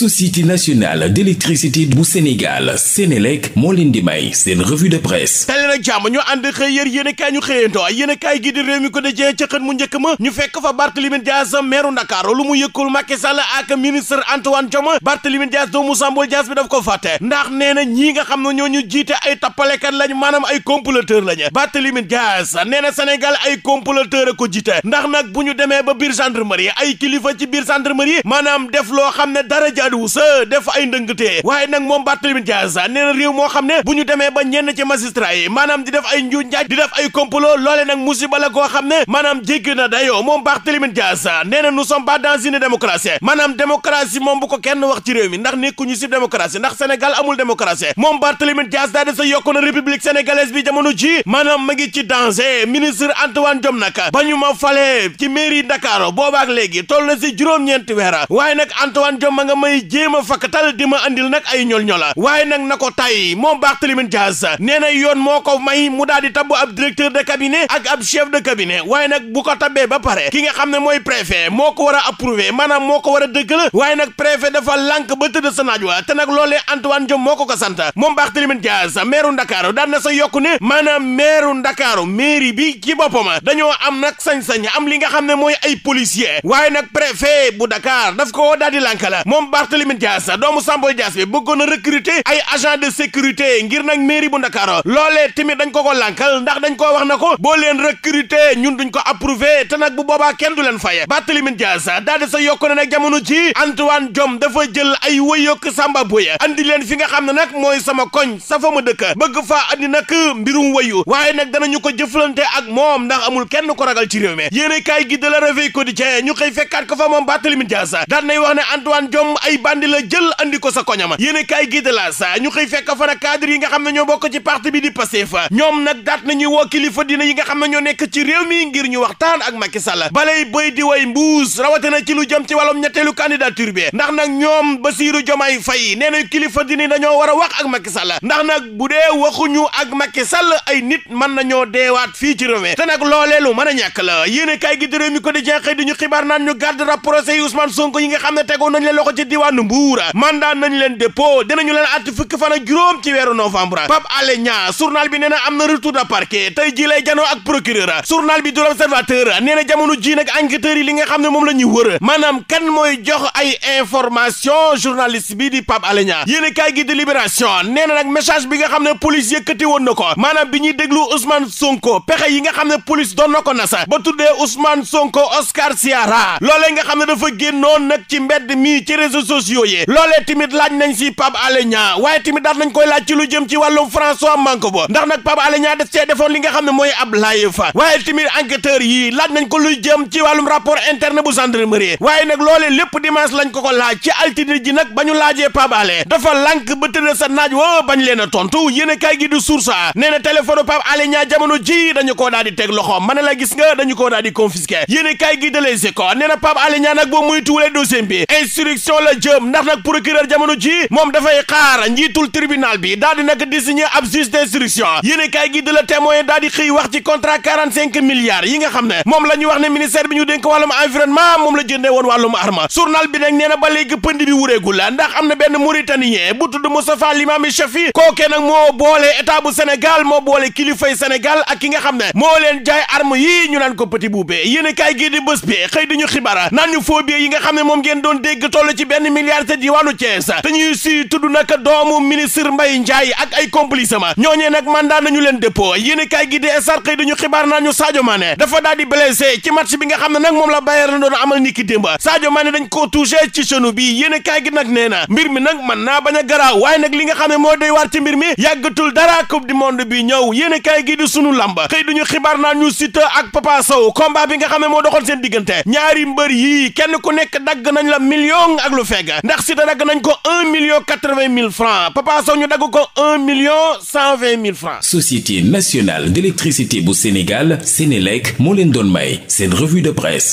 société nationale d'électricité bu Sénégal Sénélec moo leen di may seen revue de presse tali na jàmm ñu ànd xëy yër ñu xëyantoo yéen kaay gi di réew mi ko dëjee ca xët mu njëkk ma ñu fekk fa Barthélémy Dias meeru Ndakaaru lu mu yëkkul Macky Sall ak ministre Antoine Diome Barthélémy Dias doomu Sambol Dias bi daf ko fàtte ndax nee na ñi nga xam ne ñoo ñu jiite ay tappalekat lañ maanaam ay comploteur lañ Barthélémy Dias nee na Sénégal ba biir gendarmerie ay kilifa ci biir gendarmerie maanaam daa di wusa def ay ndëngtee waaye nag moom Barthélémy Dias nee na réew moo xam ne bu ñu demee ba ñenn ci magistrat yi maanaam di def ay njuuj njaaj di def ay complot loole nag musiba la koo xam ne maanaam jéggi na dayoo moom Barthélémy Dias nee na nous sommes pas dans une moom bu ko kenn wax ci réew mi ndax nekkuñu ci démocratie ndax Sénégal amul démocratie moom Barthélémy Dias daa di sa yokku na république sénégalaise bi jamono ci danger ministre may jéem a fakkatal di ma andil nag ay ñol ñola waaye nag na ko tay moom Barthélémy Dias nee na yoon moo ko may mu daal di tabb ab directeur de cabinet ak ab chef de cabinet waaye nag bu ko tabbee ba pare ki nga xam ne mooy préfet moo ko war a approuvé maanaam moo ko war a dëggal waaye nag préfet dafa lànk ba tëdd sa naaj wa te nag loolee Antoine Diome moo ko ko sant moom Barthélémy Dias maire Ndakaaru daan na sa yokku ne maanaam maire Ndakaaru mairie bi ci boppam dañoo am nag sañ-sañ am li nga xam ne mooy ay policier waaye nag préfet bu Barthélémy Dias doomu Sambol Dias bi bëggoon a recruter ay agent de sécurité ngir nag mairie bu Ndakaaru loolee tamit dañ ko ko lànkal ndax dañ ko wax na ko boo leen recruter ñun duñ ko approuvé te nag bu boobaa kenn du leen faye Barthélémy Dias daal di sa yokk na nag jamono ji Antoine Diome dafa jël ay wëyokk Samba Boye andi leen fi nga xam ne nag mooy sama koñ sa fa ma dëkk bëgg faa andi nag mbirum wayu waaye nag ñu ko jëflante ak moom ndax amul kenn ko ragal ci réew mi yéen kay gi de la Réveil Quotidien ñu xëy ko fa moom Barthélémy Dias daan ay bandi la jël andi ko sa koñama yéen kaay gi de la sa ñu xëy fekk fa na cadre yi nga xam ne ñoo bokk ci parti bi di Pastef ñoom nag daat nañuy woo kilifa dina yi nga xam ne nekk ci réew mi ngir ñu waxtaan ak Macky Sall balay bëy di way mbuus rawate na ci lu jëm ci wàllum ñetteelu candidature bi ndax nag ñoom Bassirou Diomaye Faye nee na kilifa dina dañoo war a wax ak Macky Sall ndax nag bu dee waxuñu ak Macky Sall ay nit mën nañoo deewaat fii a diwaanu Mbuur mandat nañ leen dépôt dinañu leen àtt fukki fan ak juróom ci weeru novembre Pape Alé Niang journal bi nee am na retour de parquet tey ji lay janoo ak procureur journal bi du l'Observateur nee na jamono ji nag enquêteurs li nga xam ne moom la ñuy wër maanaam kan mooy jox ay information journaliste bi di Pape Alé Niang yéen a gi délibération nee nag message bi nga xam ne police yëkkati woon na ko maanaam bi ñuy déglu Ousmane Sonko pexe yi nga ne police doon na ko nasa ba tuddee Ousmane Sonko Oscar sociaux yi loolee tamit laaj nañ si Pape Alé Niang waaye tamit daat nañ koy laaj ci lu jëm ci wàllum François Mankoba ndax nag Pape Alé Niang def see defoon li nga xam ne mooy ab live fa waaye tamit enquêteur yi laaj nañ ko lu jëm ci wàllum rapport interne bu gendarmerie waaye nag loolee lépp dimanche lañ ko laaj ci altine ji nag ba ñu laajee Pape Alé dafa lànk ba tëdd sa naaj woo bañ leen a tontu yéen a kaay gi du source nee na téléphone Pape Alé Niang jamono ji la a kaay jëm ndax nag procureur jamono ji moom dafay xaar njiitul tribunal bi daal di nag désigné ab juge d'instruction yéen kaay gi la témoin daal di xëy wax ci contrat yi nga xam ne moom la ñuy wax ne ministère bi ñu dénk wàllum environnement moom la jëndee woon wàllum arma journal bi nag nee na ba léegi pënd bi wureegul la ndax am na benn mauritanien bu tudd Moustapha Limami Chafi kookee nag moo boole état bu Sénégal moo boole kilifay Sénégal ak ki nga xam ne moo leen jaay arme yi ñu naan ko petit boubé yéen i kaay gi di bés bi nga xam ne moom ngeen doon dégg toll ci benn benn milliard te diwaanu Thiès te ñuy si tudd nag doomu ministre Mbaye Ndiaye ak ay complice ma ñooñee nag mandat nañu leen dépôt yéen i kaay gi di sar dañu xibaar naa ñu Sadio Mané dafa daal di blessé ci match bi nga xam ne nag moom la Bayern doon amal niki démb Sadio Mané dañ ko touché ci genou bi yéen i kaay gi nag nee na mbir mi nag mën naa bañ a garaaw waaye nag li nga xam ne moo doy waar ci mbir mi yàggatul dara coupe du monde bi ñëw yéen kaay gi di sunu lamb xëy dañu xibaar naa ñu Siteu ak Papa Sow bi nga xam moo doxoon seen diggante ñaari mbër yii kenn ku nekk dagg nañ la million ak teg ndax Siteu dagg nañ ko un million quatre-vingt mille francs Papa Sow ñu dagg ko un million cent vingt mille francs Société nationale d'électricité bu Sénégal Sénélec moo leen doon may seen revue de presse